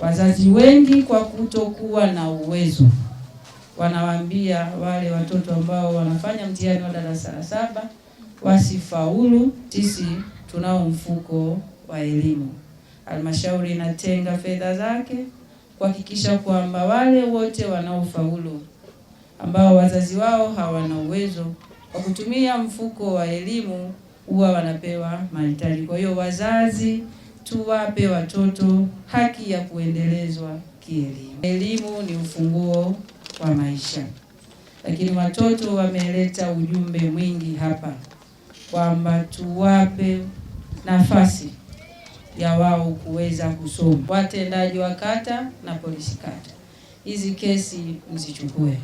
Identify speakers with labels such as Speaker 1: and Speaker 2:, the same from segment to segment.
Speaker 1: Wazazi wengi kwa kutokuwa na uwezo wanawaambia wale watoto ambao wanafanya mtihani wa darasa la saba wasifaulu. Sisi tunao mfuko wa elimu, halmashauri inatenga fedha zake kuhakikisha kwamba wale wote wanaofaulu ambao wazazi wao hawana uwezo, kwa kutumia mfuko wa elimu huwa wanapewa mahitaji. Kwa hiyo wazazi tuwape watoto haki ya kuendelezwa kielimu. Elimu ni ufunguo wa maisha, lakini watoto wameleta ujumbe mwingi hapa kwamba tuwape nafasi ya wao kuweza kusoma. Watendaji wa kata na polisi kata, hizi kesi mzichukue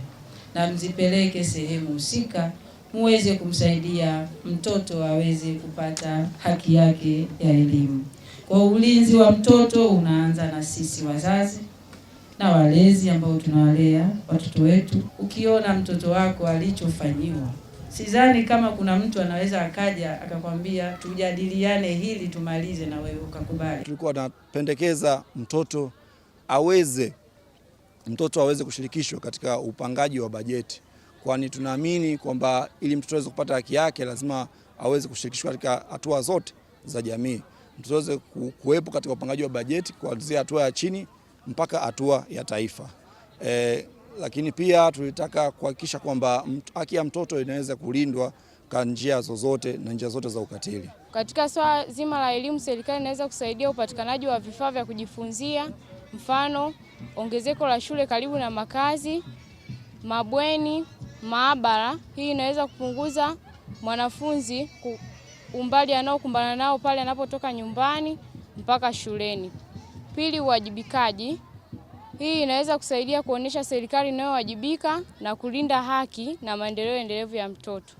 Speaker 1: na mzipeleke sehemu husika muweze kumsaidia mtoto aweze kupata haki yake ya elimu. Kwa ulinzi wa mtoto unaanza na sisi wazazi na walezi ambao tunawalea watoto wetu. Ukiona mtoto wako alichofanyiwa, sidhani kama kuna mtu anaweza akaja akakwambia tujadiliane hili tumalize, na wewe ukakubali.
Speaker 2: Tulikuwa tunapendekeza mtoto aweze mtoto aweze kushirikishwa katika upangaji wa bajeti, kwani tunaamini kwamba ili mtoto aweze kupata haki yake lazima aweze kushirikishwa katika hatua zote za jamii tuweze kuwepo katika upangaji wa bajeti kuanzia hatua ya chini mpaka hatua ya taifa e, lakini pia tulitaka kuhakikisha kwamba haki ya mtoto inaweza kulindwa kwa njia zozote na njia zote za ukatili.
Speaker 3: Katika swala zima la elimu, serikali inaweza kusaidia upatikanaji wa vifaa vya kujifunzia, mfano ongezeko la shule karibu na makazi, mabweni, maabara. Hii inaweza kupunguza mwanafunzi ku umbali anaokumbana nao pale anapotoka nyumbani mpaka shuleni. Pili, uwajibikaji. Hii inaweza kusaidia kuonyesha serikali inayowajibika na kulinda haki na maendeleo endelevu ya mtoto.